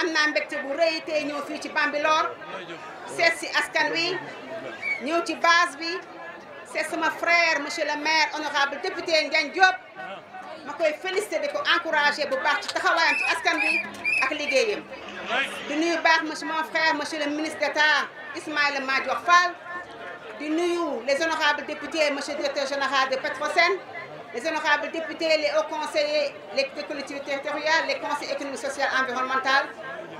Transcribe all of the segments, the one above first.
amna naa bu rëy ñoo fi ci Bambilor seet ci askan wi ñew ci base bi c'est sama frère monsieur le maire honorable député Ndiagne Diop Je koy félicité di ko encourager bu baax ci taxawayam ci askan bi ak liggéeyam di nuyu baax monsieur mon frère monsieur le ministre d'État Ismaël Madior Fall di nuyu les honorables députés monsieur directeur général de Petrosen les honorables députés les hauts conseillers les collectivités territoriales les conseils économiques sociaux environnementaux,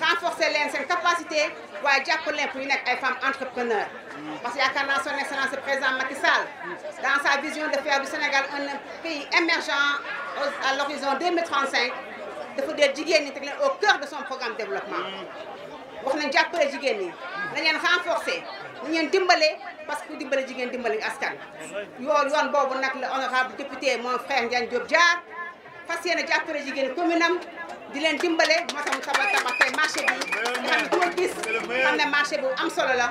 renforcer l'ensemble des capacité pour ñu ay femmes entrepreneurs. parce que quand son excellence présente, président Macky Sall dans sa vision de faire du Sénégal un pays émergent à l'horizon 2035 Il faut que ñi au cœur de son programme de développement wax déjà jàppale jigéen ñi nañ leen renforcer nañ leen dimbale parce que ku dimbale jigéen dimbale askan yoon yoon boobu que le honorable député mon frère Ndiagne Diop Diar fas déjà jàppale jigéen commune am di leen dimbale moo tax mu tabax tabaxee marché bi nga xam ne koo gis xam ne marché bu am solo la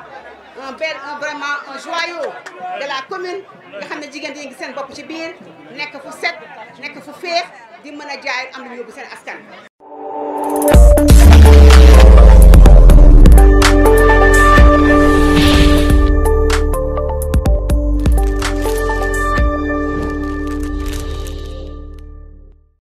un bel un vraiment un joyau de la commune nga xam ne jigéen ñi ngi seen bopp ci biir nekk fu set nekk fu féex di mën a jaay am lu yóbbu seen askan.